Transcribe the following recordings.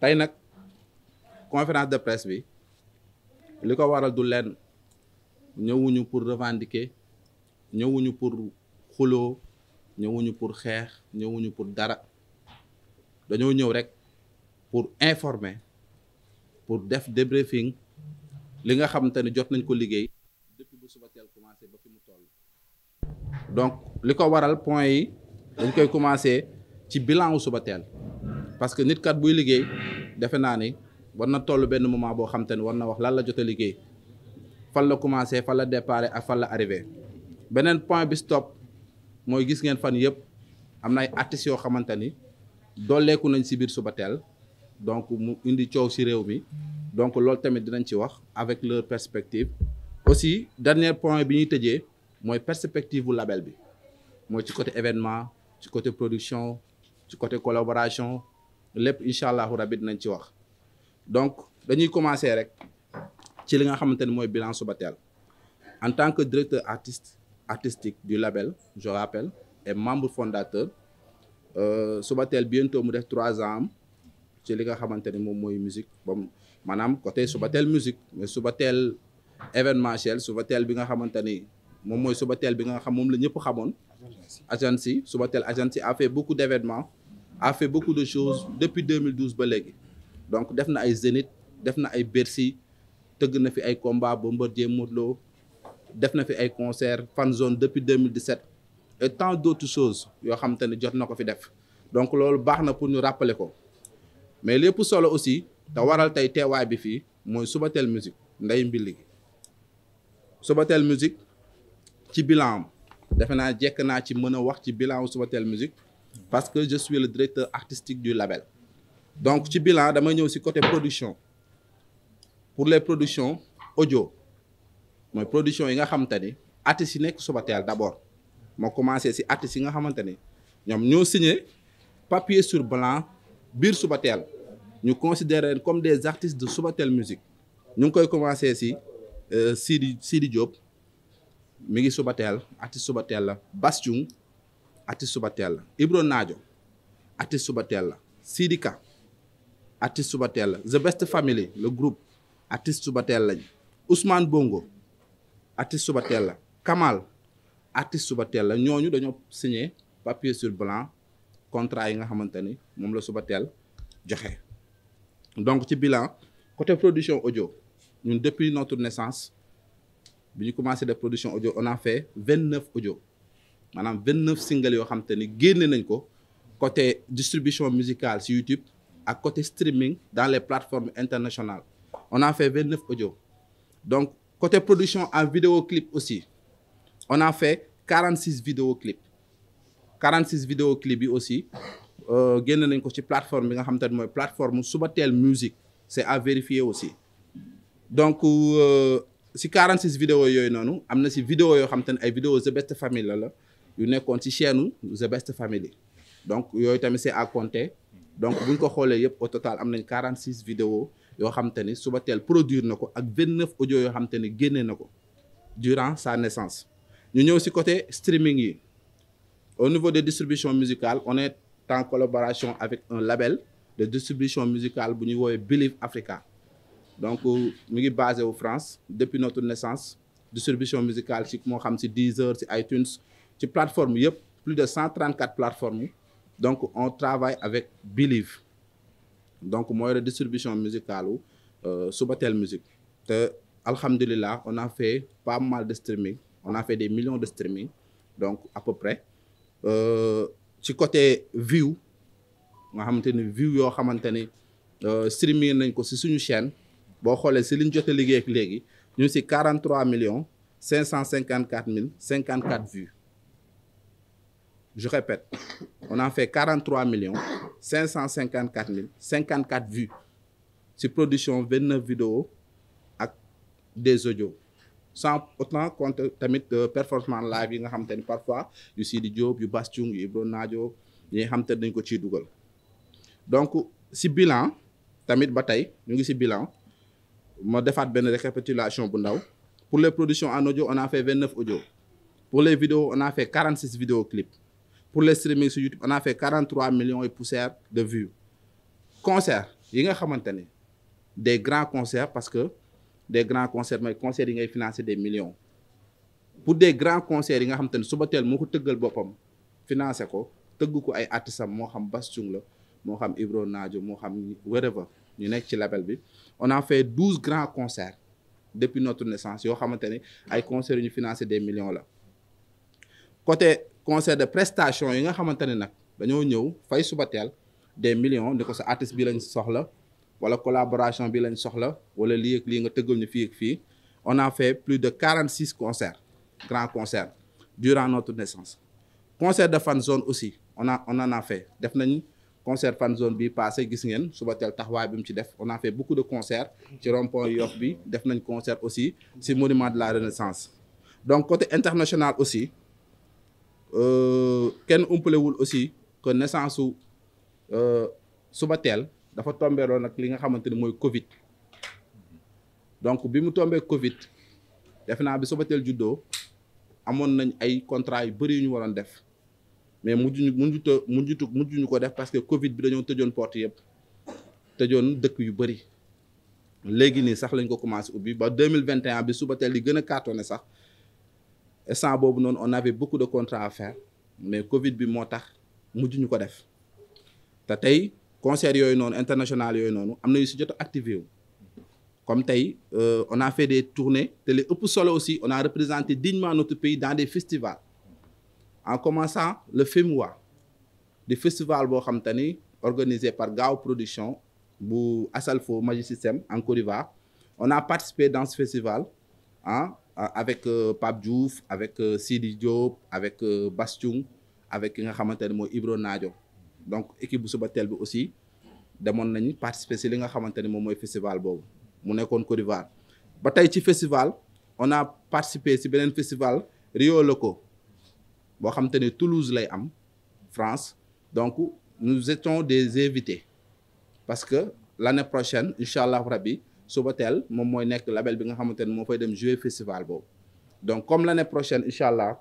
tey nag conférence de presse bi li ko waral du lenn ñëwuñu pour revendiquer ñëwuñu pour xuloo ñëwuñu pour xeex ñëwuñu pour dara dañoo ñëw rek pour informer pour def débriefing li nga xamante ne jot nañ ko liggéey depuis bu suba teel commencé ba fi mu toll. donc li ko waral point yi dañ koy commencé ci bilan suba teel parce que nit kat buy liggéey defe naa ni war na toll benn moment boo xam ne war na wax lan la jot a liggéey fan la commencé fan la départ ak fan la arrivé beneen point bi stop mooy gis ngeen fan yëpp am na ay artistes yoo xamante ni dooleeku nañ si biir suba teel donc mu indi coow si réew mi donc loolu tamit dinañ ci wax avec leur perspective aussi dernier point bi ñuy tëjee mooy perspective bu label bi mooy ci côté événement ci côté production côté collaboration lépp incha allahu rabi nañ ci wax donc dañuy commencer rek ci li nga xamante ne mooy bilan Soubatel en tant que directeur artiste artistique du label je rappelle et membre fondateur euh, Soubatel bientôt mu def trois ans am ci li nga xamante ne moom mooy musique bam maanaam côté Soubatel musique mais Soubatel suba teel bi nga xamante ni moom mooy suba teel bi nga xam moom la ñëpp xamoon agence yi Soubatel agence yi a fait beaucoup d'événements a fait beaucoup de choses depuis 2012 ba léegi donc def na ay Zénith def na ay Bercy tëgg na fi ay combat Bombardier Modou Lo def na fi ay concert fan zone depuis 2017 et tant d' autres choses yoo xam te ne jot na ko fi def donc loolu baax na pour ñu rappeler ko mais lépp solo aussi te waral tey teewaay bi fii mooy Subatel Musique ndey mbilli gi Subatel Musique ci bilan am defe naa jekk naa ci mën a wax ci bilan wu Subatel Musique parce que je suis le directeur artistique du label donc ci bilan dama ñëw si côté production pour les productions audio mooy production yi nga xamante ni artistes yi nekk suba Sobatel d'abord moo commencé si artistes yi nga xamante ni ñoom ñoo signé papier sur blanc biir suba Sobatel ñu considéré comme des artistes de Sobatel musique ñu ngi koy commencé si euh, Sidi Sidi Diop mi ngi Sobatel artiste Sobatel la Bass artiste suba teel la Ibro Naajo artiste suba teel la Sidika artiste suba teel la The Best Family le groupe artiste suba teel lañ Ousmane Bongo artiste suba teel la Kamal artiste suba teel la ñooñu dañoo signé papier sur blanc contrat yi nga xamante ni moom la suba teel joxe donc ci bilan côté production audio ñun depuis notre naissance bi ñu commencé def production audio on a fait vingt neuf audio maanaam vingt neuf singles yoo xam te ni génne nañ ko côté distribution musicale si YouTube ak côté streaming dans les plateformes internationales on a fait vingt neuf audio donc côté production en vidéoclip aussi on a fait quarante six vidéoclip quarante six vidéoclip yi aussi euh, génn nañ ko ci plateforme bi nga xam te ne mooy plateforme suba teel Music c'est à vérifier aussi donc euh, si quarante six vidéo yooyu noonu am na si vidéo yoo xam te ne ay vidéo The Best Family la la yu nekkoon ci chaîne The Best Family donc yooyu tamit c'est à donc buñ ko xoolee yëpp au total am nañ 46 vidéos yoo xam te suba teel produire na ko ak 29 audios yoo xam te génnee na ko durant sa naissance. ñu ñëw ci côté streaming yi au niveau de distribution musicale on est en collaboration avec un label de distribution musicale bu ñuy woowee Believe Africa donc mu ngi basé wu France depuis notre naissance distribution musicale ci moo xam ci Deezer ci iTunes. ci plateforme yëpp plus de cent trente quatre plateformes donc on travaille avec Believe donc mooy la distribution musicale suba euh, Subatel Musique te alhamdulilah on a fait pas mal de streaming on a fait des millions de streaming donc à peu près euh, ci côté view nga xamante ni view yoo xamante ni euh, streaming nañ ko si suñu chaîne boo xoolee si liñ jot a liggéey ak léegi ñu ngi si quarante millions cinq cent cinquante quatre mille cinquante quatre je répète, on a fait 43 millions 554 cinquante 54 vues ci production 29 vidéos ak des audios sans autant compter tamit euh, performance live yi nga xam te ni parfois yu Sidi Diop yu Bass Thioung yu Ibro Nadio yi nga xam te dañ ko ciy dugal donc si bilan tamit ba tey mu ngi si bilan ma defaat benn récapitulation bu ndaw pour les productions en audio on a fait 29 audios pour les vidéos on a fait 46 vidéoclips pour les streaming sur YouTube on a fait 43 millions et poussière de vues concert yi nga xamante ne des grands concerts parce que des grands concerts mooy concerts yi ngay financer des millions pour des grands concerts yi nga xamante ne teel moo ko tëggal boppam financé ko tëgg ko ay artistes moo xam Bass Thioung la moo xam Ibro Nadio moo xam whatever ñu nekk ci label bi on a fait douze grands concerts depuis notre naissance yoo xamante ne ay concerts yu ñu financé des millions la concert de prestation yi nga xamante ne nag dañoo ñëw fay suba teel des millions ni ko sa artiste bi lañ soxla wala collaboration bi lañ soxla wala lii ak lii nga tëggal ñu fii ak fii on a fait plus de quarante six concerts grands concerts durant notre naissance concert de fan zone aussi on a on en a fait def nañ concert fan zone bi passé gis ngeen suba teel taxawaay bi mu ci def on a fait beaucoup de concerts ci rond-point Yoff bi def nañ concert aussi ci monument de la renaissance donc aussi Euh, kenn umpalewul aussi que naissance su euh, suba teel dafa tombé loon nag li nga xamante ni mooy Covid donc bi mu tombee Covid def naa bi suba teel juddoo amoon nañ ay contrat yu bëri yu ñu waroon def mais mujjuñu mujjuta mujjutu mujjuñu ko def parce que Covid bi dañoo tëjoon porte yëpp tëjoon dëkk yu bëri léegi nii sax lañ ko commencé ubbi ba deux mille vingt et un bi suba teel di gën a cartonné sax. instant boobu noonu on avait beaucoup de contrats fin faire mais Covid bi moo tax mujj ñu ko def te tey concert yooyu noonu international yooyu noonu am na yu si jot a comme tey euh, on a fait des tournées te li ëpp solo aussi on a représenté dignement notre pays dans des festivals en commençant le e wa di festival boo xam te ni organisé par Gaaw Production bu Asalfo Magisystem en Côte d'Ivoire on a participé dans ce festival ah. Euh, avec euh, Pape Diouf avec euh, Sidi Diop avec Bastiung avec ki nga xamante ne mooy Ibro Naajo donc équipe bu suba teel bi aussi demoon nañ participer si li nga xamante ne moom mooy festival boobu mu nekkoon Côte ba tey ci festival on a participé si beneen festival Rio Loco boo xam te ne Toulouse lay am France donc nous étions des invités parce que l'année prochaine incha allah rabbi suba teel moom mooy nekk label bi nga xamante ne moo fay dem jouer festival boobu donc comme l'année prochaine incha allah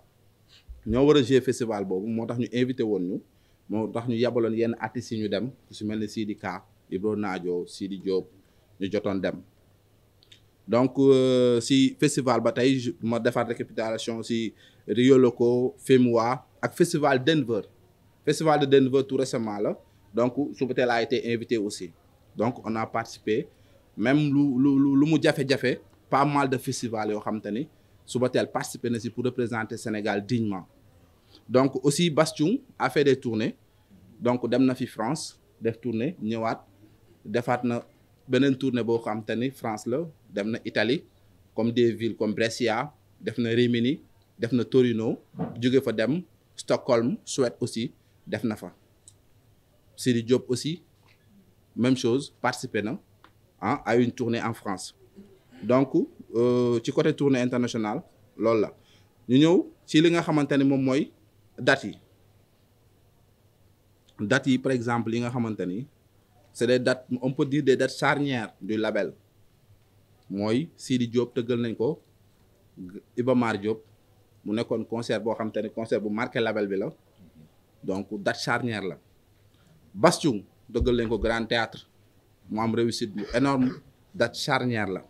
ñoo war a jouer festival boobu moo tax ñu invité woon ñu moo tax ñu yabaloon yenn artistes yi ñu dem ku si mel ni Sidi Ka naajoo Naajo di Diop ñu jotoon dem donc euh, si festival ba tey ma defaat récapitulation si Rio Loco Femua ak festival Denver festival de Denver tout récemment la donc Subatel a été invité aussi donc on a participé même lu lu lu mu jafe-jafe pas mal de festival yoo xam te ni Subatel participer na si pour représenter Sénégal dignement donc aussi Bastoung a fait des tournées donc dem na fi France def tournée ñëwaat defaat na beneen tournée boo xam te ni France la dem na Italie comme des villes comme Brescia def na Rimini def na Torino jóge fa dem Stockholm Suède aussi def na fa Sidi Diop aussi même chose participer na ah à une tournée en France donc euh, ci côté tournée internationale loolu la ñu ñëw ci li nga xamante ni moom mooy dates yi dates yi par exemple yi nga xamante ni c'est des dates on peut dire des dates charnières du label mooy Sidi Diop tëggal nañ ko Iba Mar Diop mu nekkoon concert boo xamante ni concert bu marqué label bi la donc date charnière la Bass Thioung tëggal nañ ko Grand Théâtre mu am réussite bu énorme date charnière la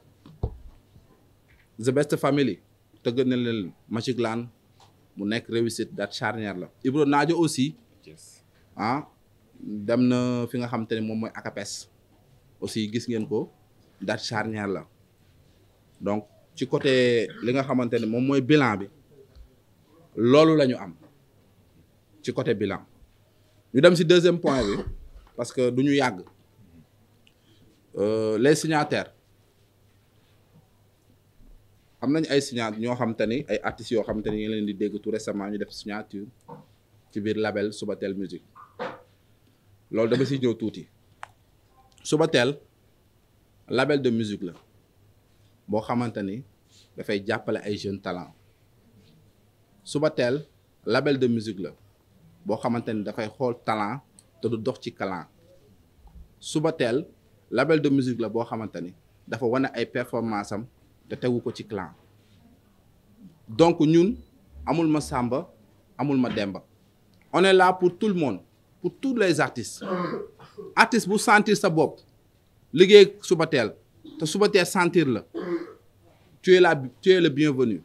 The Best Family tëgg na leen Magic Land mu nekk réussite date charnière la Ibro Naajo aussi ah dem na fi nga xam te ne moom mooy akapes aussi gis ngeen ko date charnière la donc ci côté li nga xamante ne moom mooy bilan bi loolu la ñu am ci côté bilan ñu dem si deuxième point bi parce que du ñu yàgg euh, les signataires am nañ ay signat ñoo xam te ni ay artistes yoo xam te ni ñu leen di dégg tout récemment ñu def signature ci biir label Subatel Musique loolu dama si ñëw tuuti Subatel label de musique la boo xamante ni dafay jàppale ay jeunes talents Subatel label de musique la boo xamante ni dafay xool talent te du dox ci suba Subatel label de musique la boo xamante ni dafa wane ay performance am te tegu ko ci clan donc ñun amul ma Samba amul ma Demba on est pour tout le monde pour tout les artistes artiste bu sentir sa bopp liggéey suba teel te suba teel sentir la tu es la tu es bienvenu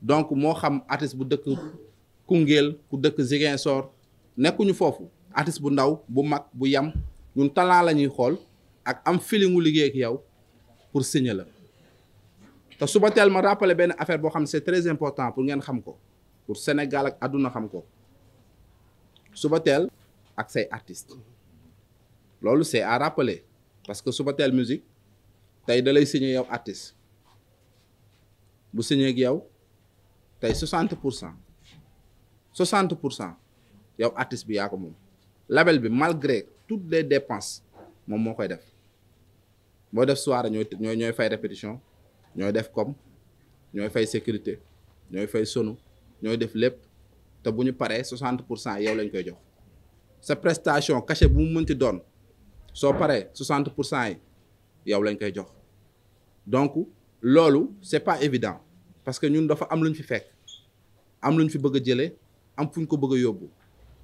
donc moo xam artiste bu dëkk Koungheul ku dëkk Ziguinchor nekkuñu foofu artiste bu ndaw bu mag bu yam ñun talent la ñuy xool ak am feelingu liggéey ak yow pour signer la te suba teel ma rappelé benn affaire boo xam ne c'est très important pour ngeen xam ko pour Sénégal ak àdduna xam ko suba teel ak say artist loolu c'est à rappeler parce que suba teel musique tey da lay signer yow artiste bu signer ak yow tey 60 pour cent 60 pour cent yow artiste bi yaa ko moom label bi malgré. toutes les dépenses moom moo koy def boo def soirée ñooy ñooy ñooy fay répétition ñooy def com ñooy fay sécurité ñooy fay sonu ñooy def lépp te bu ñu paree 60 pour cent yow lañ koy jox sa prestation cachet bu mu mënti doon soo paree 60 pour cent yi yow lañ koy jox donc loolu c'est pas évident parce que ñun dafa am lu fi fekk am lu fi bëgg a jëlee am fu ñu ko bëgg a yóbbu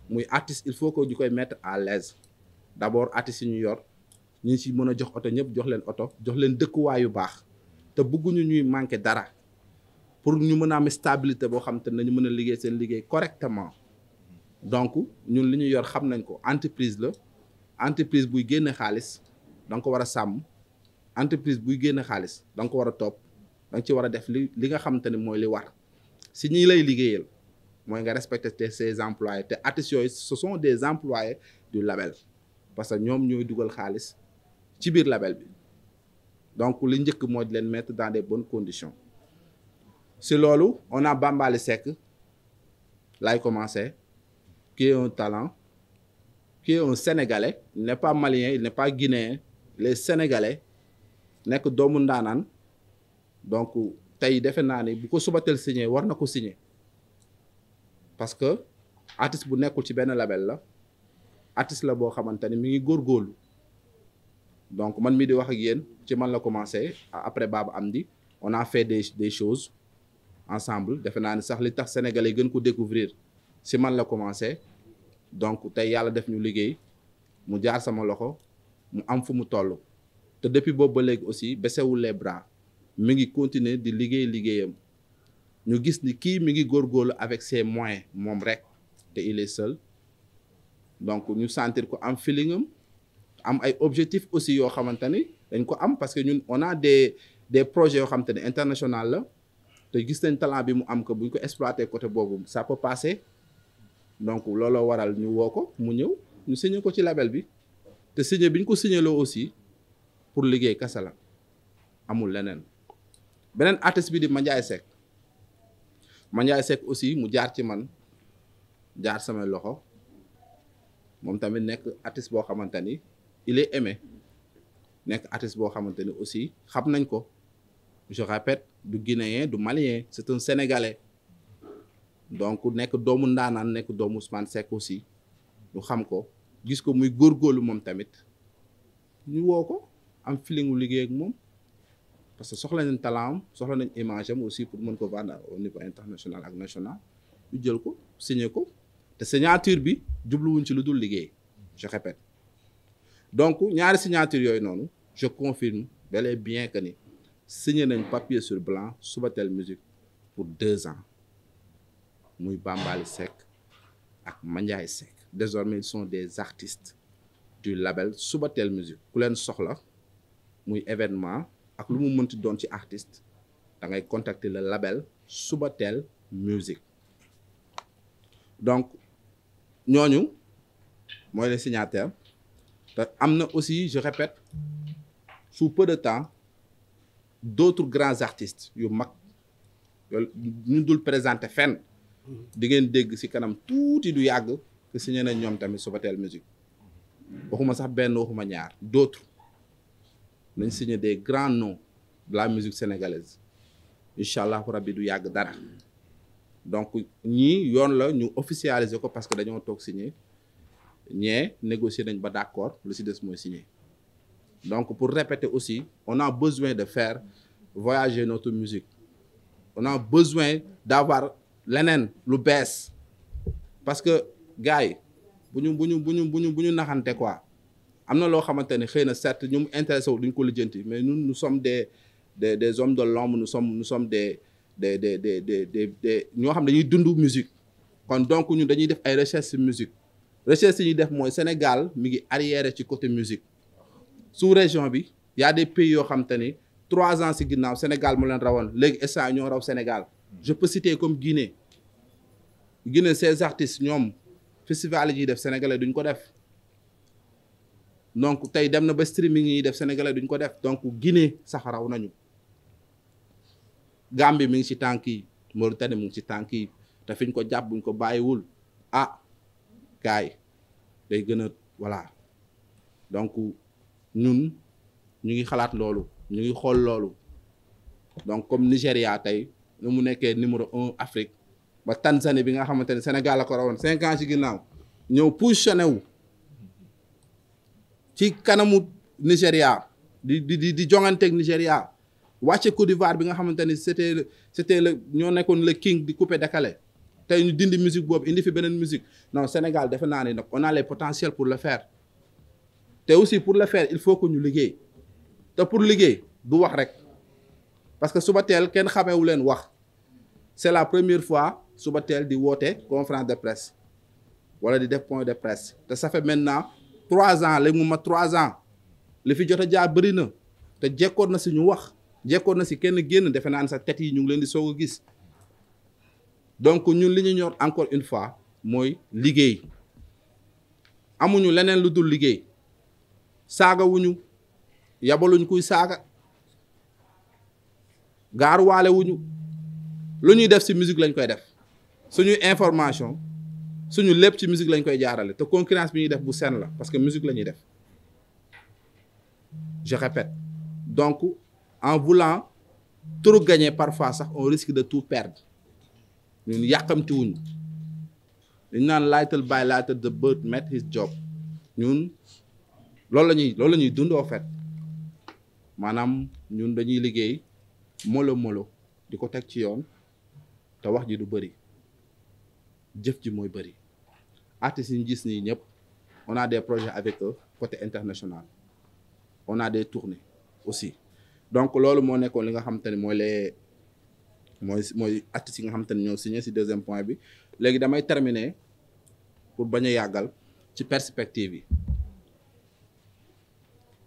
muy artiste il faut que ñu koy mettre à l'aise d' abord artistes yi ñu yor ñu si mën a jox oto ñëpp jox leen oto jox leen dëkkuwaay yu baax te bëgguñu ñuy manqué dara pour ñu mën a am stabilité boo xam te nañu mën a liggéey seen liggéey correctement donc ñun li ñu yor xam nañ ko entreprise la entreprise buy génn xaalis da ko war a sàmm entreprise buy génn xaalis da ko war a topp da nga ci war a def li li nga xam te ne mooy li war si ñi lay liggéeyal mooy nga respecter ses employés te artistes yooyu ce sont des employés du label parce que ñoom ñooy dugal xaalis ci biir label bi donc li njëkk moo leen mettre dans des bonnes conditions si loolu on a Bambaly Seck laay commencé qui est un talent qui est un sénégalais malien il n'est pas guinéen les sénégalais nekk doomu ndaanaan donc tey defe naa ni bu ko Subatel signé war na ko signé parce que artiste bu nekkul ci benn label la artiste la boo xamante ne mi ngi góorgóorlu donc man mi di wax ak yéen ci man la commencé après Baba Amdi on a fait des des choses ensemble defe naa ne sax li tax sénégalais gën ko découvrir si man la commencé donc tey yàlla def ñu liggéey mu jaar sama loxo mu am fu mu toll te depuis boobu ba léegi aussi besewul les mu ngi continuer di liggéey liggéeyam ñu gis ni kii mi ngi góorgóorlu avec ses moyens moom rek te il seul donc ñu sentir ko am feeling am am ay objectif aussi yoo xamante ni dañ ko am parce que ñun on a des des projets yoo xamante ne international la te gis nañ talent bi mu am que bu ñu ko exploité côté boobu ça peut passer donc looloo waral ñu woo ko mu ñëw ñu signé ko ci label bi te signé bi ñu ko signéloo aussi pour liggéey kasa la amul leneen beneen artiste bi di Mandiaye Seck Mandiaye Seck aussi mu jaar ci man jaar samay loxo moom tamit nekk artiste boo xamante ni il est nekk artiste boo xamante ni aussi xam nañ ko je répète du guinéen du malien c'est un sénégalais donc nekk doomu ndaanaan nekk doomu Ousmane Seck aussi ñu xam ko gis ko muy góor góorlu moom tamit ñu woo ko am feelingu liggéey ak moom parce que soxla nañ talent am soxla nañ image aussi pour mën ko vendre au niveau international ak national ñu jël ko signé ko te signature bi jubluwuñ ci lu dul liggéey je répète donc ñaari signature yooyu noonu je confirme bel bien que ni signé nañ papier sur blanc Subatel Musique pour deux ans muy Bambaly Seck ak Mandiaye Seck désormais ils sont des artistes du label Subatel Musique ku leen soxla muy événement ak lu mu mënti doon ci artiste da ngay contacter le label Subatel Musique donc ñooñu mooy les signataires te am na aussi je répète su peu de temps d'autres grands artistes yu mag ñu dul présenter fenn di ngeen dégg ci kanam tuuti du yàgg que signé nañ ñoom tamit Subatel Musique waxuma sax benn waxuma ñaar d'autres nañ signé des grands noms la musique sénégalaise incha allahu rabbi du yàgg dara donc ñii yoon la ñu officialiser ko parce que dañoo toog signé ñee négocier nañ ba d'accord lu si des mooy signé donc pour répéter aussi on a besoin de faire voyager notre musique on a besoin d'avoir leneen lu bees parce que gars yi bu ñu bu ñu bu ñu bu ñu bu ñu naxante quoi am na loo xamante ne xëy na certes ñu mu intéressé wu duñ ko lijjanti mais ñun nous sommes des des des hommes de l'ombre nous sommes nous sommes des de des des des des ñoo xam ne dañuy dund musique kon donc ñun dañuy def ay recherche ci musique recherche yi ñuy def mooy Sénégal mi ngi arrière ci côté musique sous région bi y a des pays yoo xam te ni trois ans ci ginnaaw Sénégal mu leen rawoon léegi instant ñoo raw Sénégal je peux comme Guinée Guinée ces artistes ñoom festival yi ñuy def sénégalais duñ ko def donc tey dem na ba streaming yi ñuy def sénégalais duñ ko def donc Guinée sax raw nañu Gambie mi ngi ci tànk yi Mauritanie mu ngi ci tànk yi te fiñ ko jàpp buñ ko bàyyiwul ah gars yi day gën a voilà donc ñun ñu ngi xalaat loolu ñu ngi xool loolu donc comme Nigéria tey nu mu nekkee numéro un Afrique ba Tanzanie bi nga xamante ne Sénégal rawoon cinq ans ci ginnaaw ñëw positionné wu ci kanamu Nigéria di di di joŋanteeg wàcce Côte d'Ivoire bi nga xamante ni c'était le c'était ñoo nekkoon le king di coupé décalé tey ñu dindi musique boobu indi fi beneen musique non Sénégal defe naa ne nag on a les potentiels pour le faire te aussi pour le faire il faut que ñu liggéey te pour liggéey du wax rek parce que suba teel kenn xamewu leen wax c'est la première fois suba teel di woote conférence de presse wala di def point de presse te safe fait maintenant trois ans léegi mu ma trois ans li fi jot a jaar bëri na te jekkoon na si ñu wax. jekkoon na si kenn génn defe naan sa tet yi ñu ngi leen di soog a gis donc ñun li ñuy ñor encore une fois mooy liggéey amuñu leneen lu dul liggéey saagawuñu yabaluñ kuy saaga gaaruwaale wuñu lu ñuy def si musique lañ koy def suñuy information suñu lépp ci musique lañ koy jaarale te concurrence bi ñuy def bu seen la parce que musique la ñuy def je en voulant trop gagner parfois sax on risque de tout perdre ñun yàqamti wuñ dañ naan little by little the bird met his job ñun loolu la ñuy loolu la ñuy fait maanaam ñun dañuy liggéey molo molo di ko teg ci yoon te wax ji du bëri jëf ji mooy bëri artistes yi ñu gis nii ñëpp on a des projets avec côté international on a des aussi donc loolu moo nekkoon li nga xam te mooy les mooy mooy artistes si nga xam te ne ñoo signé si deuxième point bi léegi damay terminer pour bañ a yàggal ci perspective yi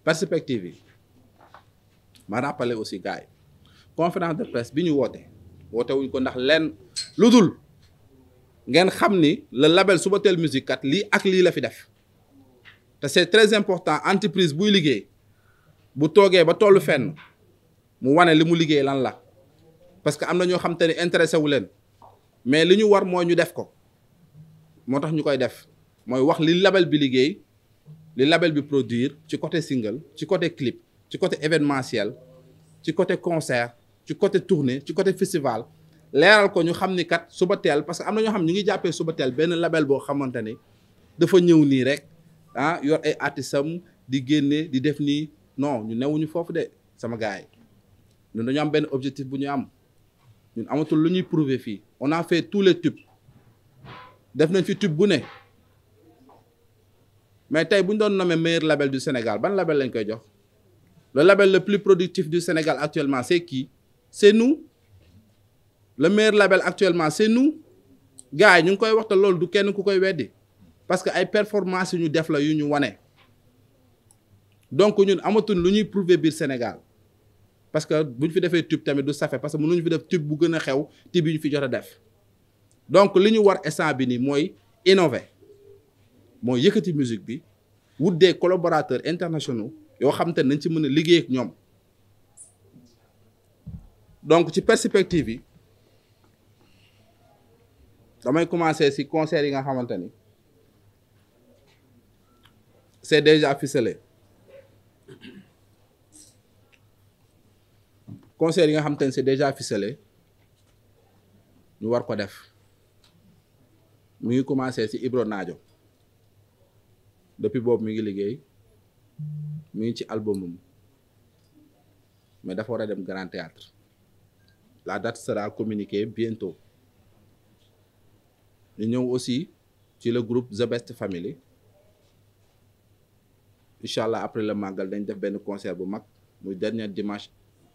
perspective yi ma rappelé aussi gars yi conférence de presse bi ñu woote woote wuñ ko ndax lenn lu dul ngeen xam ni la label suba Subatel Musique kat lii ak lii la fi def te c'est très important entreprise buy liggéey bu toogee ba tollu fenn mu wane li mu liggéey lan la parce que am na ñoo xam te ne intéressé wu leen mais li ñu war mooy ñu def ko moo tax ñu koy def mooy wax li label bi liggéey li label bi produire ci côté single ci côté clip ci côté événementiel ci côté concert ci côté tournée ci côté festival leeral ko ñu xam ni kat suba teel parce que am na ñoo xam ñu ngi jàppee suba teel benn label boo xamante ni dafa ñëw nii rek ah yor ay artistes am di génne di def nii non ñu newuñu foofu de sama gars yi ñun dañu am benn objectif bu ñu am ñun amatul lu ñuy prouver fii on a fait tous les tubes def nañ fi tube bu ne mais tey bu ñu doon nommé meilleur label du Sénégal ban label lañ koy jox le label le plus productif du Sénégal actuellement c'est qui c'est nous le meilleur label actuellement c'est nous gars yi ñu ngi koy wax loolu du kenn ku koy weddi parce que ay performance yu ñu def la yu ñu wane donc ñun amatuñ lu ñuy prouver biir Sénégal. parce que bu ñu fi defee tube tamit du safe parce que mënuñu fi def tube bu gën a xew tube yi ñu fi jot a def donc li ñu war essan bi nii mooy innover mooy yëkkati musique bi wut des collaborateurs internationaux yoo xam te nañ ci mën a liggéey ak ñoom donc ci perspective yi damay commencer ci concert yi nga xamante ni c'est déjà ficelé concert yi nga xam te ne c'est déjà ficelé ñu war ko def mu ngi commencé ci Ibro depuis boobu mi ngi liggéey mu ngi ci albumum mais dafa war a dem Grand Théâtre la date sera communiquée biento ñu ñëw aussi ci le groupe The Best Family incha allah après le màggal dañ def benn concert bu mag muy dernier dimanche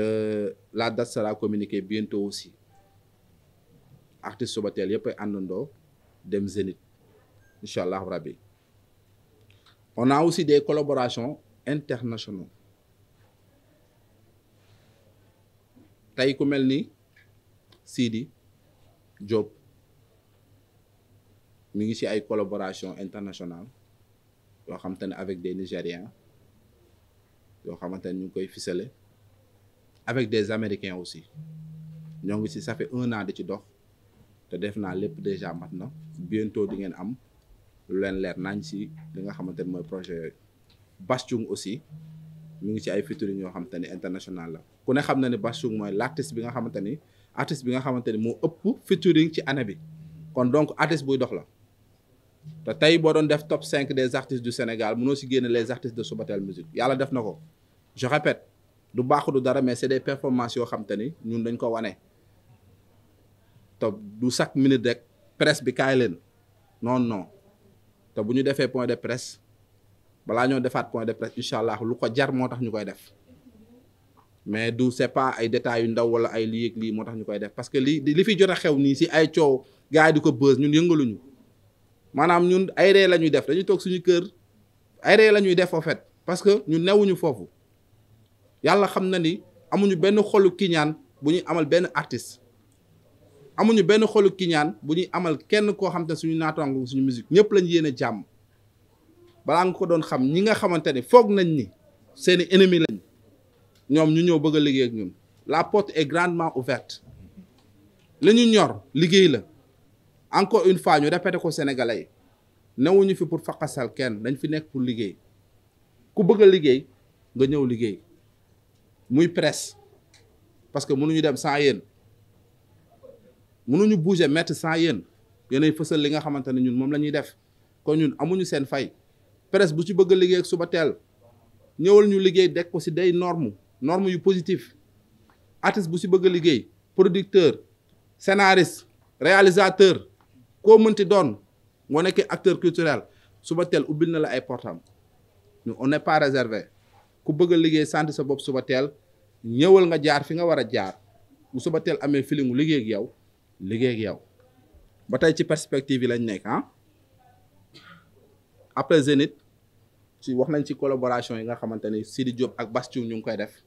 la date sera communiquée bientôt aussi artiste Subatel yëpp a àndandoo dem Zénith incha allah rabbi on a aussi des collaborations internationales tey ku mel ni Sidi Diop mi ngi ci ay collaboration international yoo xamante ne avec des Nigériens yoo xamante ne ñu ngi koy ficelé avec des américains aussi ñoo ngi si ça fait un an di ci dox te def naa lépp déjà mat na bientôt di ngeen am lu leen leer nañ si li nga xamante ne mooy projet yooyu Baschung aussi mu ngi ci ay featuring yoo xamante ni international la ku ne xam na ne Baschung mooy l'artiste bi nga xamante ni artiste bi nga xamante ni moo ëpp featuring ci année bi kon donc artiste buy dox la te tey boo doon def top cinq des artistes du Sénégal mënoo si génne les artistes de Subatel Musique yàlla def na ko du baaxu dara mais c'est des performances yoo xam ni ñun dañ ko wane te du chaque minute rek press bi kaay leen non non te bu ñu defee point de presse balaa ñoo defaat point de presse incha allah lu ko jar moo tax ñu koy def mais du c'est pas ay détails yu ndaw wala ay lii ak lii moo tax ñu koy def parce que li li fi jot a xew nii si ay coow gars yi di ko bës ñun yëngaluñu maanaam ñun ay ree la ñuy def dañuy toog suñu kër ay ree la ñuy def en fait parce que ñun newuñu foofu. yàlla xam na ni amuñu benn xolu kiñaan bu ñuy amal benn artiste amuñu benn xolu kiñaan bu ñuy amal kenn koo xam te suñu naataango suñu musique ñëpp lañu yéen a jàmm balaa nga ko doon xam ñi nga xamante ne foog nañ ni seeni ennemi lañ ñoom ñu ñëw bëgg a liggéey ak ñun la porte et grandement ouverte li ñu ñor liggéey la encore une fois ñu répété ko sénégalais yi newuñu fi pour faqasal kenn dañ fi nekk pour liggéey ku bëgg liggéey nga ñëw liggéey muy presse parce que mënuñu dem sans yéen mënuñu bouger mettre sans yéen yéenay fësal li nga xamante ne ñun moom lañuy def ko ñun amuñu seen fay presse bu ci bëgg a liggéey suba teel ñëwal ñu liggéey dekk ko si day norme norme yu positif artiste bu si bëgg a liggéey producteur scénariste réalisateur ko mënti doon moo nekkee acteur culturel suba teel ubbil na la ay portam on n'est pas réservé ku bëgg a liggéey sant sa bopp suba teel ñëwal nga jaar fi nga war a jaar bu suba teel amee feeling liggéey ak yow liggéey ak yow ba tey ci perspective yi lañ nekk ah après Zénith ci wax nañ ci collaboration yi nga xamante ni Sidi Diop ak Bass Thioung ñu ngi koy def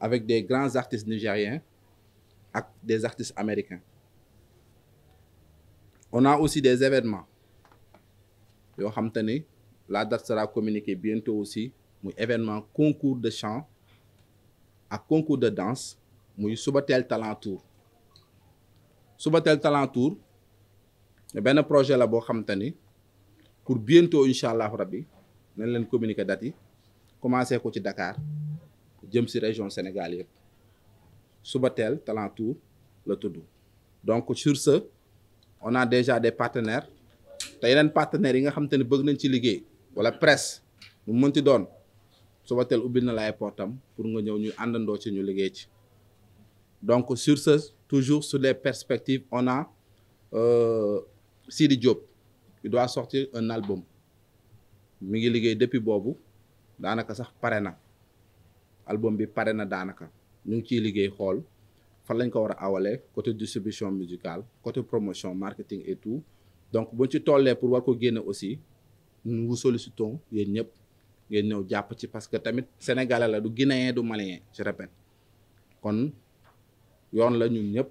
avec des grands artistes nigériens ak des artistes américains on a aussi des événements yoo xam te ni la date sera communiquée bientôt aussi muy événement concours de chant ak concours de danse muy Subatel Talent Tour Subatel Talent Tour benn projet la boo xam te ni pour bientôt incha allahu rabbi nañ leen communiquer date yi commencé ko ci Dakar jëm si région Sénégal yëpp Subatel Talent Tour la tudd donc sur ce on a déjà des partenaires te yeneen partenaires yi nga xam te bëgg nañ ci liggéey wala presse mu mënti doon Sobatel ubbil na la portam pour nga ñëw ñu àndandoo ci ñu liggéey ci donc sur toujours su les perspective on a euh, Sidi Diop il doit sortir un album mi ngi liggéey depuis boobu daanaka sax pare na album bi pare na daanaka ñu ngi ciy liggéey xool fan lañ ko war a awalee côté distribution musicale côté promotion marketing et tout donc buñ ci tollee pour war ko génne aussi nous vous sollicitons yéen ñëpp. ngeen ñëw jàpp ci parce que tamit sénégalais la du guinéen du malien je répète kon yoon la ñu ñëpp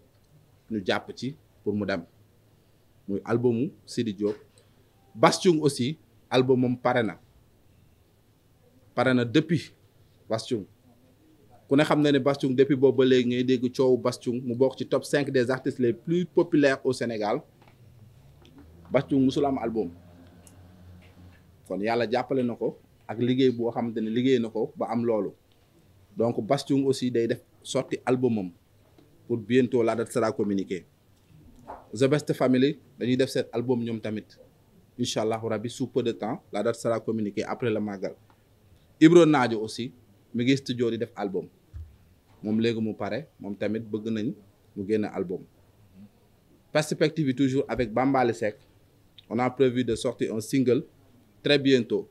ñu jàpp ci pour mu dem muy albumu Sidi Diop Bass Thioung aussi albumam pare na pare na depuis Bass ku ne xam na ne Bass Thioung depuis boobu ba léegi ngay dégg coowu Bass mu bokk ci top cinq des artistes les plus populaires au Sénégal Bass musul am album kon yàlla jàppale na ko ak liggéey boo xamante ne liggéey na ko ba am loolu donc Bastoung aussi day def sorti albumam pour bientôt la date sera communiquée The Best Family dañuy def seen album ñoom tamit incha allahu rabi sous peu de temps la date sera communiquée après le màggal Ibro aussi mi ngi studio di def album moom léegi mu pare moom tamit bëgg nañ mu génn album perspective yi toujours avec Bambali Seck on a prévu de sortir un single très bientôt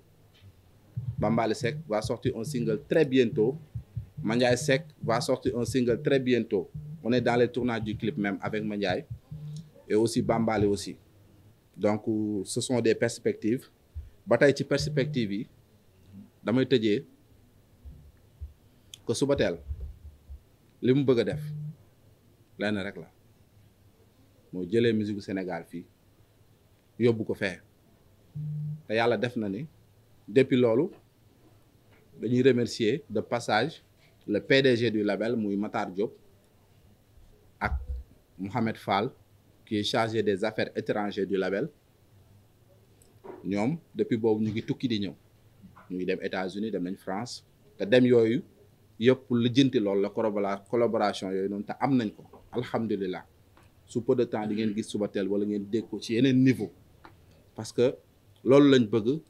Bambale Sek va sorti un single très bientôt. Mandiaye Sek va sortir un single très bientôt. On est dans les tournages du clip même avec Mandiaye. aussi Bambale aussi. Donc, euh, ce sont des perspectives. tey ci perspective yi damay tëjee que suba teel li mu bëgg a def lenn rek la moo jëlee musique gu Sénégal fii yóbbu ko fee te yàlla def na ni depuis loolu dañuy remercier de passage le PDG du label muy Matar Diop ak Mohamed Fall qui est des affaires étrangères du label ñoom depuis boobu ñu ngi tukki di ñëw ñu ngi dem États-Unis dem nañ France te dem yooyu yëpp lijjanti loolu la collaboration yooyu noonu te am nañ ko alhamdulilah sous peu de temps di ngeen gis suba teel wala ngeen dégg ko ci yeneen niveau parce que loolu lañ bëgg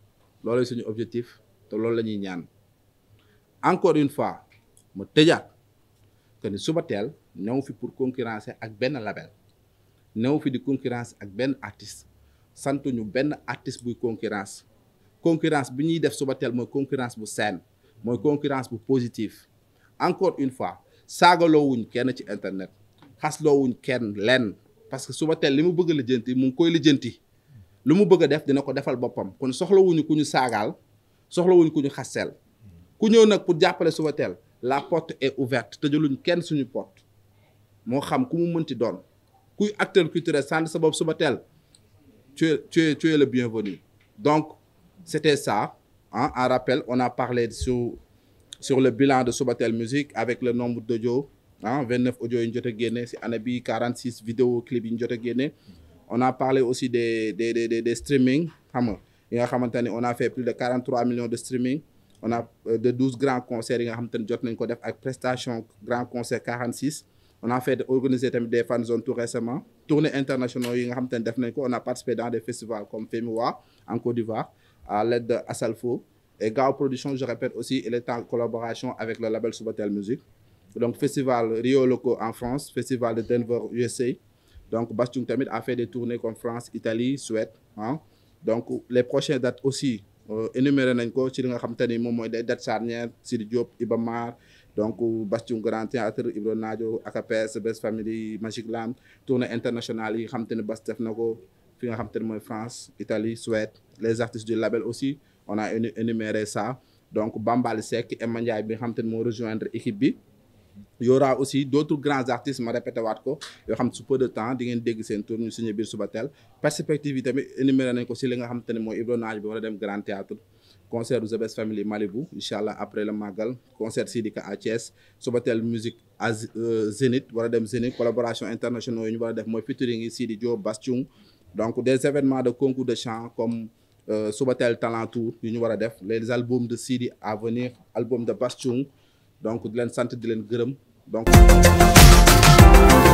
loolu suñu objectif te loolu la ñuy ñaan encore une fois ma tëjaat que ni suba teel new fi pour concurrencer ak benn label new fi di concurrence ak benn artiste santuñu benn artiste buy concurrence concurrence bi ñuy def suba teel mooy concurrence bu saine mooy concurrence bu positive encore une fois saagaloowuñ kenn ci internet wuñ kenn lenn parce que suba teel li mu bëgg a lijjanti mu ngi koy lijjanti lu mu bëgg def dina ko defal boppam kon soxla wuñu ku ñu saagaal soxla soxlawuñ ku ñu xaseel ku ñëw nag pour jàppale Subatel la porte est ouverte tëjaluñ kenn suñu porte moo xam ku mu mënti doon kuy acteur culturel sant sa bopp Subatel tu es tu es tu es le bienvenu donc c'était ça ah en rappel on a parlé sur sur le bilan de Subatel Musique avec le nombre d'audios ah 29 audios yi ñu jot a si année bi 46 vidéo clip yi ñu jot a génne on a parlé aussi de des des des streaming xam nga yi nga xamante ne on a fait plus de 43 de streaming on a euh, de douze grands concerts ne jot nañ ko def ak prestation grand concert 46 on a des fan zones tout récemment tournées internationaux yi nga xam te ne def nañ ko on a participé dans des festivals comme FEMIWA en Côte d'Ivoire à l'aide de Asalfo et Gao Production je répète aussi il est en collaboration avec le France festival de Denver USA donc Bass Thioung a fait Euh, énuméré nañ ko ci li nga xam ni moom mooy day date charnière Sidi Diop Iba Mar donc Bastion Grand Théâtre Ibro Nadio AKPS Best Family Magic Land tournée internationale yi nga xam ne Bass def na ko fi nga xam te ne mooy France Italie Suède les artistes du label aussi on a énuméré ça donc Bambali Seck Emma Ndiaye bi nga xam te moo rejoindre équipe bi y aura aussi d'autres grands artistes ma répété waat ko yoo xam su peu de temps di ngeen dégg seen tour ñu signé suba teel perspective yi tamit énuméré nañ ko si li nga xam te mooy hivernage bi war a dem grand théâtre concert The Best Family Malibu incha allah après le Magal concert Sidika à Thiès Subatel musique à euh, Zénith war a dem Zénith collaboration internationale yi ñu war def mooy featuring yi Sidi Diop Bastion donc des événements de concours de chant comme euh, Subatel Talent Tour yu ñu war a def les albums de Sidi à venir album donc di leen sant di leen gërëm donc